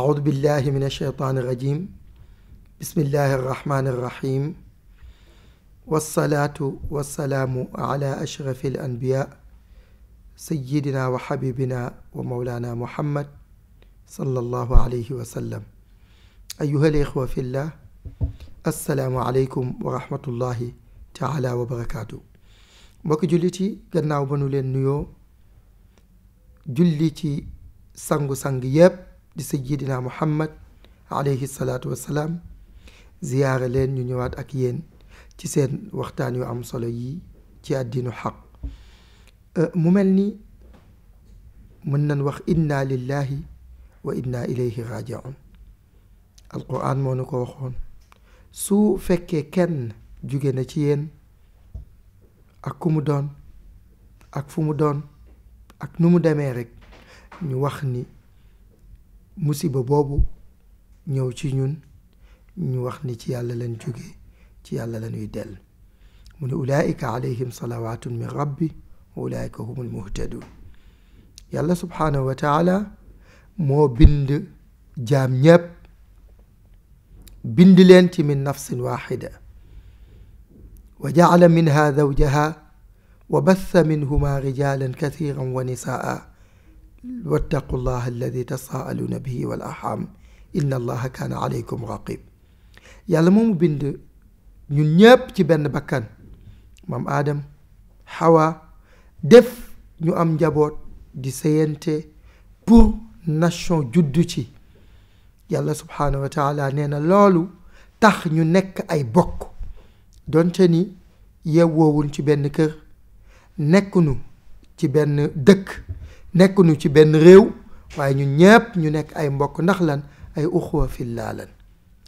أعوذ بالله من الشيطان الرجيم بسم الله الرحمن الرحيم والصلاة والسلام على أشرف الأنبياء سيدنا وحبيبنا ومولانا محمد صلى الله عليه وسلم أيها الإخوة في الله السلام عليكم ورحمة الله تعالى وبركاته mbokki jullit yi gannaaw ba nu leen nuyoo julli ci sangu-sang yépp di sayyidina muhammad alayhi salaatu wassalaam ziyaare leen ñu ñëwaat ak yéen ci seen waxtaan yu am solo yi ci àddinu xaq euh, mu mel ni mën nañ wax inna lillahi wa inna ilayhi rajiun alquran moo nu ko waxoon su fekkee kenn jóge na ci yéen ak ku mu doon ak fu mu doon ak nu mu demee rek ñu wax ni musiba boobu ñëw ci ñun ñu wax ni ci yàlla lañ jóge ci yàlla lañuy dell mu ne ulaayika alayhim salawatun min rabbi wa ulaayika humul muhtadun yàlla subhaanahu wa moo bind jaam ñépp bind leen ci min nafsin waaxida wa jaala minha zawjaha wa bassa minhuma rijalan kathiran wa nisaa wattaqu llaha alladi tasaaluuna bihi wal arham inna allaha kaana aleykum raqib yàlla moomu bind ñu ñépp ci benn bakkan maam aadam xawa def ñu am njaboot di sëyante pour nation juddu ci yàlla subhaanahu wa taala nee na loolu tax ñu nekk ay bokk donte ni yewwoowuñ ci benn kër nekkunu ci benn dëkk nekkunu ci benn réew waaye ñu ñëpp ñu nekk ay mbokk ndax lan ay uxuwa fillaa lan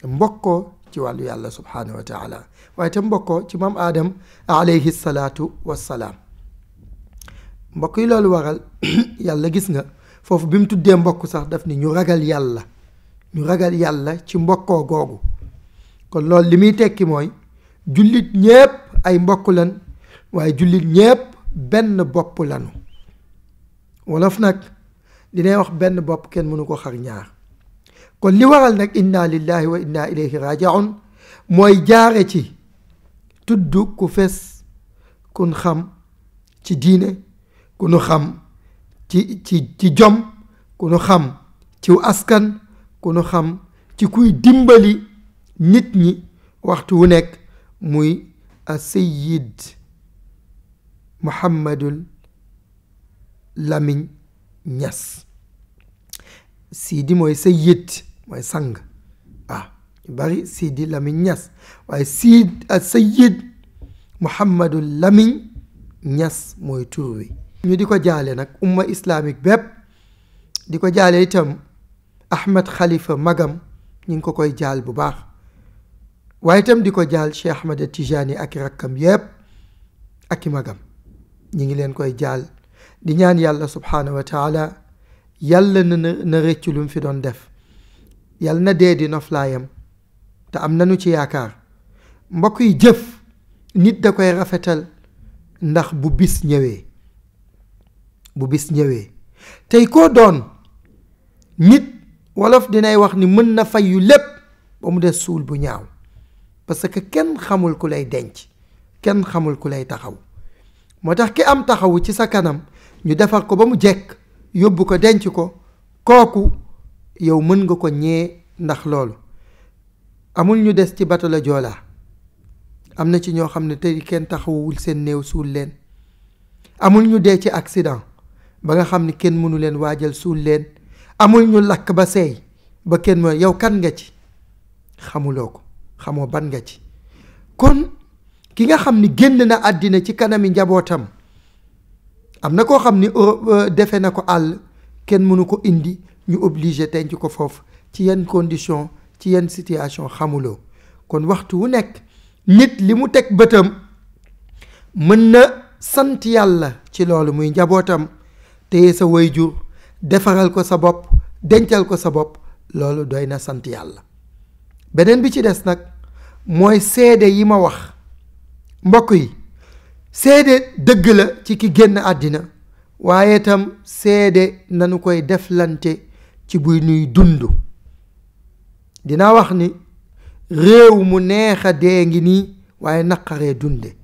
mbokkoo ci wàllu yàlla subhaanahu wa taala waaye te mbokkoo ci maam aadam alayhi salaatu wassalaam mbokk yi loolu waral yàlla gis nga foofu bi mu tuddee mbokk sax daf ni ñu ragal yàlla ñu ragal yàlla ci mbokkoo googu kon loolu li muy tekki mooy jullit ñépp ay mbokk lan waaye jullit ñépp benn bopp lanu wolof nag dinay wax benn bopp kenn mënu ko xar ñaar kon li waral nag inna lillahi wa inna ilayhi rajiun mooy jaare ci tudd ku fes kun xam ci diine ku xam ci ci ci jom ku xam ci askan ku xam ci kuy dimbali nit ñi waxtu wu nekk muy asayid muhammadul Lamiñ Ñas Sidi mooy sa mooy sang waaw ah, ñu bari Sidi Lamiñ Ñas waaye Sid ak ah, sa yët Lamiñ Ñas mooy tur wi ñu di ko jaale nag umma islamique bépp di ko jaale itam Ahmed Khalifa Magam ñu ngi ko koy jaal bu baax waaye tam di ko jaal Cheikh Ahmed Tijani ak i rakkam yépp ak i magam ñu ngi leen koy jaal di ñaan yàlla subhaanahu wa taala yàlla na na rëcc lu fi doon def yàlla na dee di noflaayam te am nanu ci yaakaar mbokk yi jëf nit da koy rafetal ndax bu bis ñëwee bu bis ñëwee tey koo doon nit wolof dinay wax ni mën na fay yu lépp ba mu des suul bu ñaaw parce que kenn xamul ku lay denc kenn xamul ku lay taxaw moo tax ki am taxawu ci sa kanam ñu defar ko ba mu jekk yóbbu ko denc ko kooku yow mën nga ko ñee ndax loolu amul ñu des ci bato la joolaa am na ci ñoo xam ne tey kenn taxawul seen néew suul leen amul ñu dee ci accident ba nga xam ni kenn mënu leen waajal suul leen amul ñu lakk ba sey ba kenn mooy yow kan nga ci xamuloo ko xamoo ban nga ci kon ki nga xam ni génn na àddina ci kanami njabootam am na koo xam ni euh, euh, defe na ko àll kenn mënu ko indi ñu obligé tenc ko foofu ci yenn condition ci yenn situation xamuloo kon waxtu wu nekk nit li mu teg bëtam mën na sant yàlla ci loolu muy njabootam téye sa jur defaral ko sa bopp dencal ko sa bopp loolu doy na sant yàlla beneen bi ci des nag mooy seede yi ma wax mbokk yi seede dëgg la ci ki génn àddina waaye tam seede nanu koy deflante ci buy nuy dund dinaa wax ni réew mu neex a dee ngi nii waaye naqaree dunde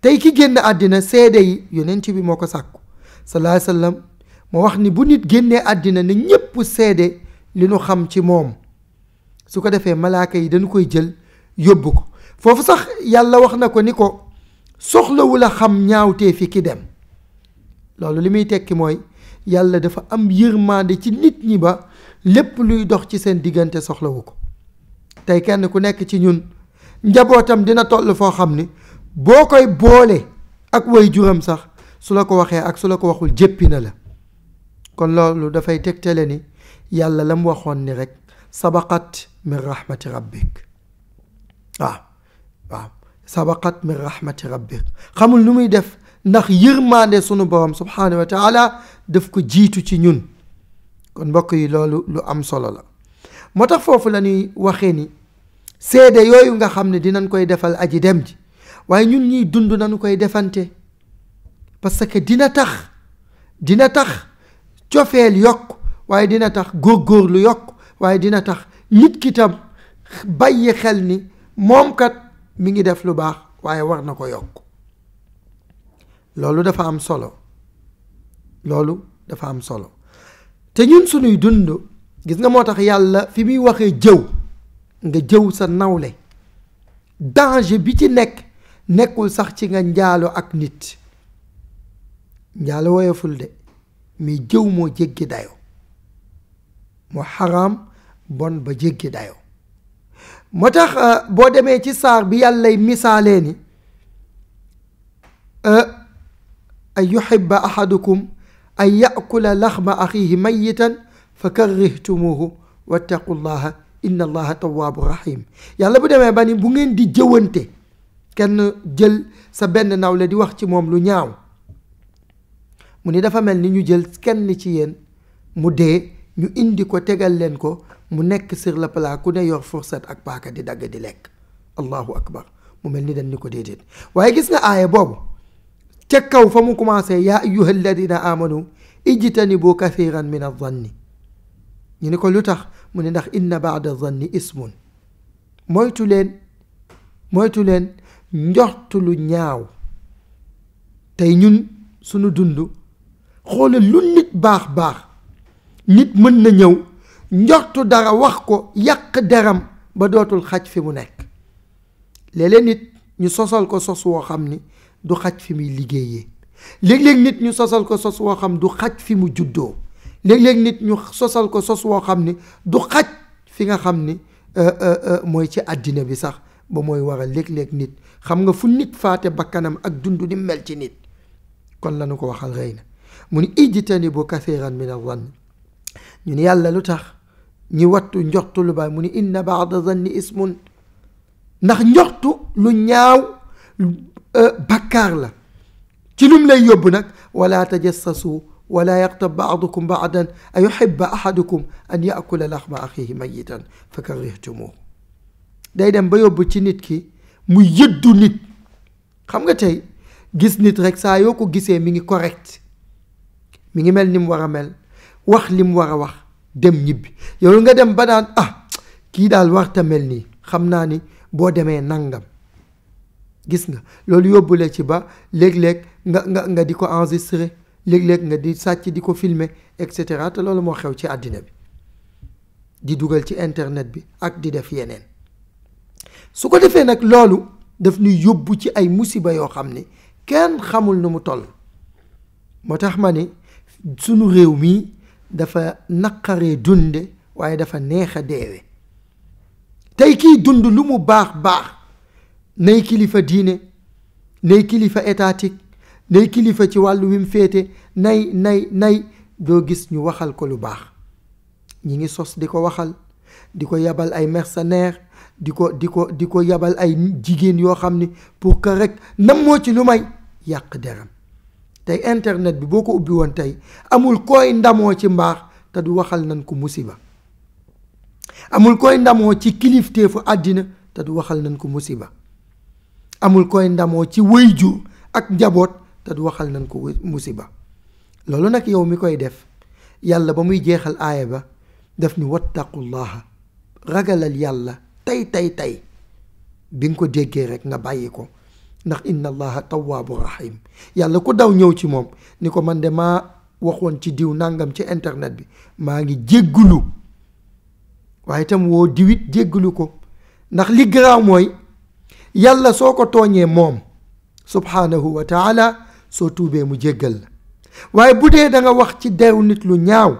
tey ki génn àddina seede yi yonent bi moo ko sàkku salaay sallam moo wax ni bu nit génnee àddina ne ñépp seede li nu xam ci moom su ko defee malaaka yi dañu koy jël yóbbu ko foofu sax yàlla wax na ko ni ko soxlawula xam ñaawtee fi ki dem loolu li muy tekki mooy yàlla dafa am yërmande ci nit ñi ba lépp luy dox ci seen diggante soxlawu ko tey kenn ku nekk ci ñun njabootam dina toll foo xam ni boo koy boole ak way juram sax su la ko waxee ak su la ko waxul jéppi na la kon loolu dafay tegtale ni yàlla la mu waxoon ni rek sabaqat min rahmati rabbik waaw sabaqat min rahmati rabbik xamul nu muy def ndax yërmaande sunu borom subhaanahu wa taala daf ko jiitu ci ñun kon mbokk yi loolu lu am solo la moo tax foofu la ñuy waxee ni seede yooyu nga xam ne dinañ koy defal aji dem ji waaye ñun ñiy dund nañu koy defante parce que dina tax dina tax cofeel yokk waaye dina tax góor góor lu yokk waaye dina tax nit ki tam xel ni moom kat mi ngi def lu baax waaye war na ko yokk loolu dafa am solo loolu dafa am solo te ñun suñuy dund gis nga moo tax yàlla fi muy waxee jëw nga jëw sa nawle danger bi ci nekk nekkul sax ci nga njaalo ak nit njaalo woyoful de mais jëw moo jéggi dayo moo xaraam bon ba jéggi dayo moo tax euh, boo demee ci saar bi yàllay misaalee ni euh, an yuhibba ahadukum an yakula laxma axihi mayitan fa karrihtumuhu wattaqu llaha inna allaha tawaabu rahim yàlla bu demee ba ni bu ngeen di jëwante kenn jël sa benn naw nawle di wax ci moom lu ñaaw mu ni dafa mel ni ñu jël kenn ci yéen mu dee ñu indi ko tegal leen ko mu nekk sur le plat ku ne yor fourchette ak paaka di dagg di lekk allahu akbar mu mel ni dañ ni ko déedéet waaye gis nga aaya boobu ca kaw fa mu commencé yaa ayyuha alladina amanu ijtanibu kathiran min azanni ñu ni ko lu tax mu ne ndax inna baax baada zanni ismun moytu leen moytu leen njortu lu ñaaw tey ñun sunu dund xoolal lu nit baax baax nit mën na ñëw njortu dara wax ko yàq deram ba dootul xaj fi mu nekk léeg nit ñu sosal ko sos woo xam ni du xaj fi muy liggéeyee léeg nit ñu sosal ko sos woo xam du xaj fi mu juddoo léeg-léeg nit ñu sosal ko sos woo xam ni du xaj fi nga xam ni euh, euh, euh, mooy ci àddina bi sax ba mooy waral léeg-léeg nit xam nga fu nit faate bakkanam ak dund ni mel ci nit kon lañu ko waxal rey na mu ni ijtanibu kathiran min al-dhann ñu ni yàlla lu tax ñi wattu njortu lu baax mu ni inna baada zanni ismun ndax njortu lu ñaaw euh, bakkaar la ci lum lay yóbbu nag wala tajassasu wala yaqtab baadukum baadan a yuhibba ahadukum an yakula laxma axihi mayitan fa karihtumuh day dem ba yóbbu ci nit ki mu yëddu nit xam nga tey gis nit rek saa yoo ko gisee mi ngi correct mu ngi mel ni mu war a mel wax li mu war a wax dem ñibbi yow nga dem ba daan ah kii daal war ta mel nii xam naa ni boo demee nangam gis nga loolu yóbbule ci ba léeg-léeg nga nga di ko enregistré léeg-léeg nga di sàcc di ko filme et cetera te loolu moo xew ci àddina bi di dugal ci internet bi ak di def yeneen su ko defee nag loolu daf ñu yóbbu ci ay musiba yoo xam ni kenn xamul nu mu toll moo tax ma ni sunu réew mii dafa naqaree dunde waaye dafa neex a deewe tey kiy dund lu mu baax baax nay kilifa diine nay kilifa étatique nay kilifa ci wàllu wi mu féete nay nay nay doo gis ñu waxal ko lu baax ñi ngi sos di ko waxal di ko yabal ay mercenaires di ko di ko di ko yabal ay jigéen yoo xam ni pour que rek nam moo ci lu may yàq deram tey internet bi boo ko ubbi woon tey amul kooy ndamoo ci mbaax te du waxal nañ ko musiba amul koy ndamoo ci kilifteefu àddina te du waxal nañ ko musiba amul koy ndamoo ci wëyju ak njaboot te du waxal nañ ko musiba loolu nag yow mi koy def yàlla ba muy jeexal aaya ba daf ni wattaqullaha ragalal yàlla tey tey tey bi nga ko déggee rek nga bàyyi ko ndax inna allaha tawaabu rahim yàlla ku daw ñëw ci moom ni ko man de maa waxoon ci diw nangam ci internet bi maa ngi jéggulu waaye itam woo diwit jéggulu ko ndax li garaaw mooy yàlla soo ko tooñee moom subhaanahu wa taala soo tuubee mu jéggal la waaye bu dee danga wax ci deru nit lu ñaaw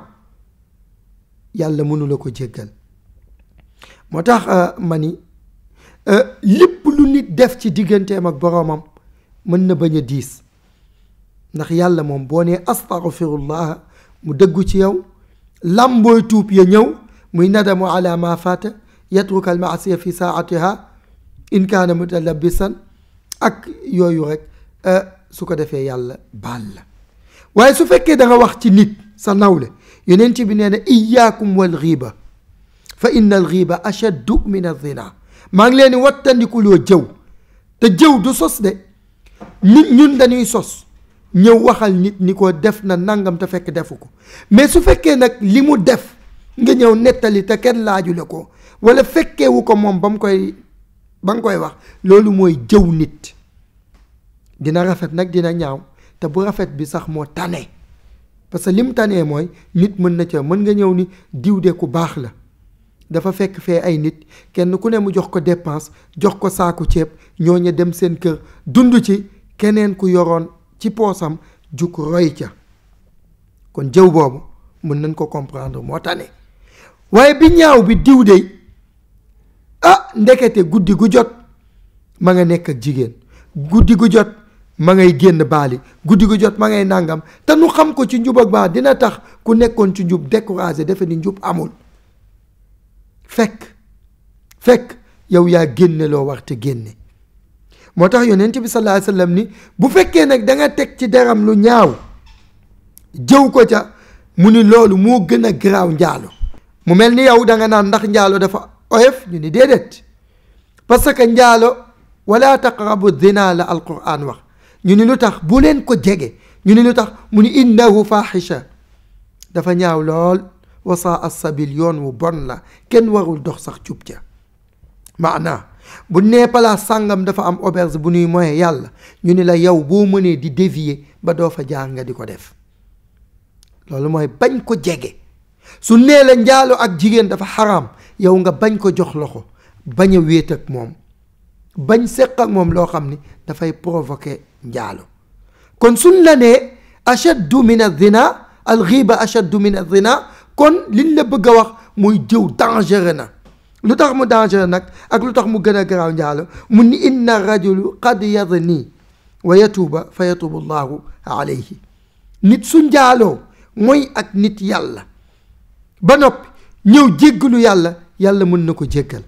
yàlla mënu la ko jéggal moo tax euh, ma Euh, lépp lu nit def ci digganteem ak boroomam mën na bañ a diis ndax yàlla moom boo nee astaghfirullah mu dëggu ci yow làmbooy tuub ya ñëw muy nadamu ala ma fata yatruka al maasiya fi saatiha in kaana ak yooyu rek euh, su ko defee yàlla baal la waaye su fekkee da wax ci nit sa nawle yonent bi nee na iyaakum wal riiba fa inna al riiba min al zina maa ngi leen di wattandikuloo jëw te jëw du sos de nit ñun dañuy sos ñëw waxal nit ni ko def na nangam te fekk defu ko mais su fekkee nag li mu def nga ñëw nettali te kenn laaju laajule ko wala fekkewu ko moom ba mu koy ba nga koy wax loolu mooy jëw nit dina rafet nag dina ñaaw te bu rafet bi sax moo tane parce que li mu tanee mooy nit mën na ca mën nga ñëw ni diw de ku baax la dafa fekk fee ay nit kenn ku ne mu jox ko dépense jox ko saaku ceeb ñoo ñooñu dem seen kër dund ci keneen ku yoroon ci poosam jug roy ca kon jëw boobu mën nañ ko comprendre moo tane waaye bi ñaaw bi diw dey ah ndekete guddi gu jot ma nga nekk ak jigéen guddi gu jot ma ngay génn baali guddi gu jot ma ngay nàngam te nu xam ko ci njub ak baax dina tax ku nekkoon ci njub découragé defe ni njub amul fekk fekk yow yaa génne loo war te génne moo tax yonent bi sallallahu alayhi wasallam ni bu fekkee nag danga teg ci deram lu ñaaw jëw ko ca mu ni loolu moo gën a garaaw njaalo mu mel ni yow danga naan ndax njaalo dafa oyof ñu ni déedéet parce que njaalo wala taqrabu zina la alquran wax ñu ni lu tax bu leen ko jege ñu ni lu tax mu ni innahu fahisha dafa ñaaw lool wasaa assabil yoon wu bon la kenn warul dox sax jub ja maana bu nee palaas sàngam dafa am auberge bu nuy moye yàlla ñu ni la yow boo mënee di dévier ba doo fa jaar nga di ko def loolu mooy bañ ko jege su nee la njaalo ak jigéen dafa xaraam yow nga bañ ko jox loxo bañ wéet ak moom bañ seq ak moom loo xam ni dafay provoquer njaalo kon suñ la nee achaddu min al zina al ghiba achaddu kon liñ la bëgg a wax muy jëw dangereux na lu tax mu dangereux nag ak lu tax mu gën a garaaw njaalo mu ni inna rajulu qad yadni wa yatuuba fa yatuubu llahu alayhi nit su njaaloo mooy ak nit yàlla ba noppi ñëw jéggalu yàlla yàlla mën na ko jéggal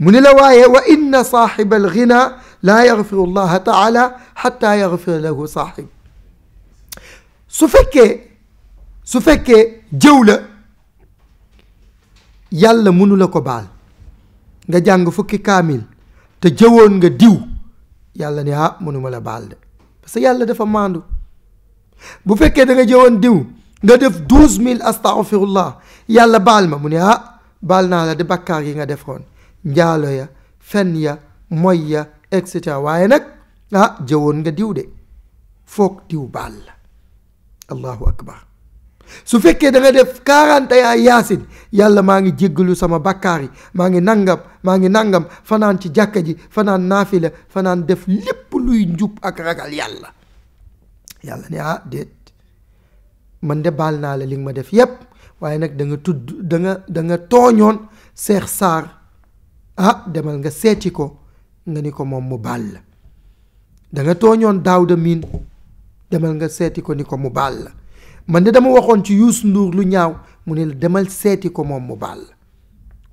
mu ni la waaye wa inna saaxiba alxina laa yaxfiru llaha taala xata yaxfira lahu saaxib su fekkee su fekkee jëw la yàlla mënu la ko baal nga jàng fukki kaamil te jëwoon nga diw yàlla ne ah mënuma la baal de parce que yàlla dafa maandu bu fekkee da nga jëwoon diw nga def douze mille astaghfirullah yàlla baal ma mu ne ah baal naa la de bakkaar yi nga defoon njaalo ya fen ya moy ya et cetera waaye nag ah jëwoon nga diw de foog diw baal la allahu akbar su fekkee da def quarante ay yaasin yàlla maa ngi jéggalu sama bakkaar yi maa ngi nangam maa ngi nangam fanaan ci jàkka ji fanaan naafila fanaan def lépp luy njub ak ragal yàlla yàlla ne ah déet man de baal naa la li nga ma def yépp waaye nag danga nga tudd da nga tooñoon Seex Saar ah demal nga seeti ko nga ni ko moom mu baal la danga nga daaw de Miin demal nga seeti ko ni ko mu baal la man de dama waxoon ci Youssou nduur lu ñaaw mu ne la demal seeti ko moom mu baal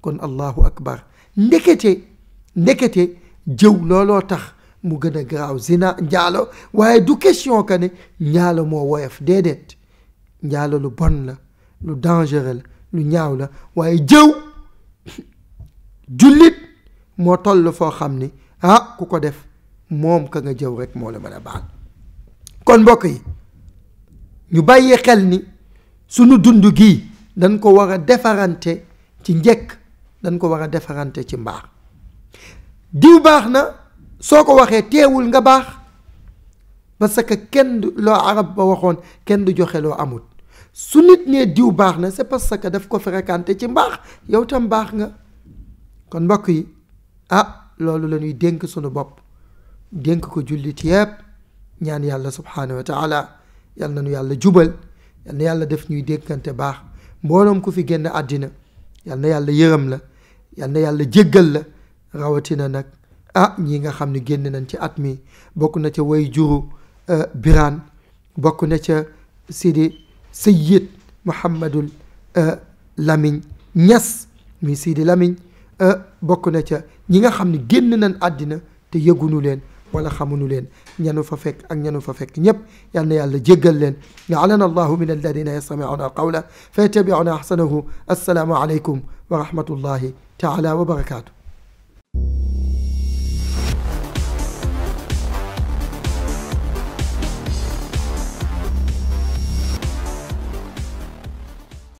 kon allahu akbar ndekete ndekete jëw looloo tax mu gën a garaaw zina njaalo waaye du question que ne njaalo moo woyof déedéet njaalo lu bon la lu dangereux la lu ñaaw la waaye jëw jullit moo toll foo xam ni ah ku ko def moom ka nga jëw rek moo la mën a baal kon mbokk yi ñu bàyyee xel ni sunu dund gii dañ ko war a defarante ci njëkk dañ ko war a defarante ci mbaax diw baax na soo ko waxee teewul nga baax parce que kenn du loo arab ba waxoon kenn du joxe loo amut su nit nee diw baax na c'est parce que daf ko fréquenté ci mbaax yow tam baax nga kon mbokk yi ah loolu lañuy ñuy dénk sunu bopp dénk ko jullit yépp ñaan yàlla subhaanahu wa taala yal na nu yàlla jubal yal na yàlla def ñuy déggante baax mbooloom ku fi génn àddina yal na yàlla yërëm la yal na yàlla jéggal la rawatina nag ah ñi nga xam ne génn nañ ci at mi bokk na ca way juru euh, biraan bokk na ca sidi sayid muhammadul euh, lamiñ ñas mi sidi lamiñ euh, bokk na ca ñi nga xam ni génn nañ àddina te yëgunu leen wala xamuñu leen ñanu fa fekk ak ñanu fa fekk ñëpp yal na yàlla jéggal leen ja'alana allahu min alladina yastami'una alqawla fa yattabi'una ahsanahu assalaamu aleykum wa rahmatullahi taala wa barakaatu